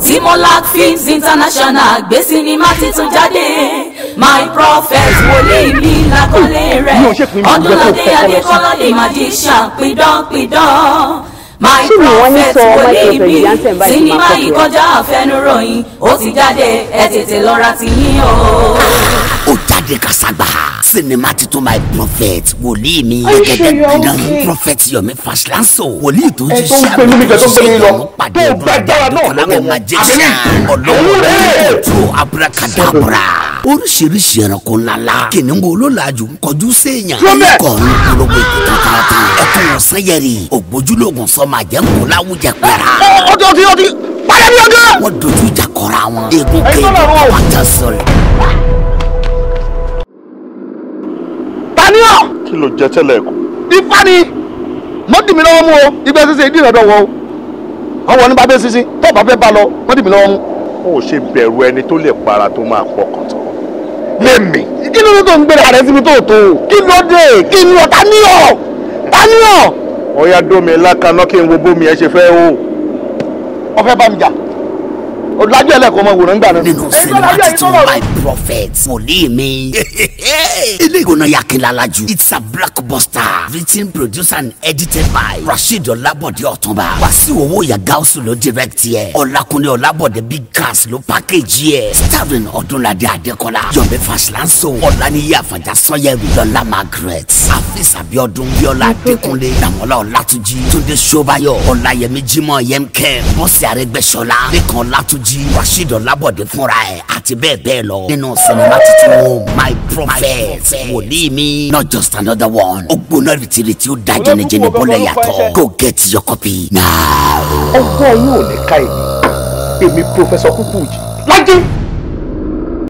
Timolak Films International gbé sinimá titun jáde my prophet wòlíì mi lákọ́lé rẹ̀ ọdúnládé adékọ́lá ni magician pidán pidán my prophet wòlíì mi sinimá ìkọjá àfẹnuròyìn ó ti jáde ẹ tètè lọ́ra ti yín o. ó jáde kàṣàgbà sì ni má ti tó my prophet wòlíì mi gẹ́gẹ́ dandan prophet yomi fashlanso wòlíì tó ti ṣe àgbẹ̀ tó ṣe ìdánwò pàdé ọdún àdàbọ̀ ọlọ́wọ́ magician ọlọ́wọ́ rẹ̀ tó abúrakadàbọ̀ra oríṣiríṣi ẹranko ńláńlá kìnìún olólàájú ń kọjú séèyàn ẹnìkan ní polówó ìkókó tààtà ẹkún ọ̀sán yẹrì ògbójúlógún sọmọ àjẹmọ́ láwùjẹ pẹ́ra. ọjọ́ ti ọdí pàdé ní ọdún. wọ́n dojú ìjà kọra wọn. egun kéèyàn wọ́n jà sọ̀rọ̀. kí ló jẹ tẹ́lẹ̀ kù. ifá ni mo dì mí lọ́wọ́ mú o ìgbẹ́ sísè ìdí ìrọ̀dọ̀ wọ o wọ́n wọ ní bá bẹ́ sísí tó bá fẹ́ bá lọ mo dì mí lọ́wọ́ mú. o ṣe bẹ̀rù ẹni tó lè para tó máa pọ̀ kàn tán. lèmi kí ló dé tó ń gbéra rẹ síbi tó tó kí ló dé kí ni ọ̀tá ní ọ̀ tá ní ọ̀. ọ̀ya dómi lákaná kí n wo bómi ẹ ṣe fẹ́ o. ọ fẹ́ bá mi jà ọ̀làjú ẹlẹ́kọ̀ọ́ ọmọ ìwòran gbà náà. nínú sinimá titun my prophet wòlíì mi. ilé ìgbóná ya kí it's a blockbuster written produced and edited by rasheed ọlábọ̀dé ọ̀túnba. wàsíù owó yàgá ọ̀sùn ló direct yẹ. ọ̀làkúnlé ọlábọ̀dé big cast ló package yẹ. starring ọdúnladé adékọlá yomi fashlanso ọ̀làníyí àfàjà sọ́yẹ̀rì lọ́lá margaret afis abiodun biola adékúnlé dàmọ́lá ọ̀làtújì túndé ṣọ́báyọ̀ ọ̀làyẹmí jimoh yemkem bọ́sẹ̀ arẹ́gbẹ́ṣọlá lẹ́kàn ọ̀làtújì Bánjí Rasheed Ọlábọ̀dé fúnra ẹ̀ àti bẹ́ẹ̀ bẹ́ẹ̀ lọ nínú sinimá tuntun my prophet wòlíì mi not just another one ó gbóná rìtìrìtì ó da jẹnijẹni bọ́lẹ̀ yàtọ̀ go get your copy now. ọgbọ́n yóò lè ka èmi èmi pòfẹ́sọ̀ Kúkújì lájẹ́.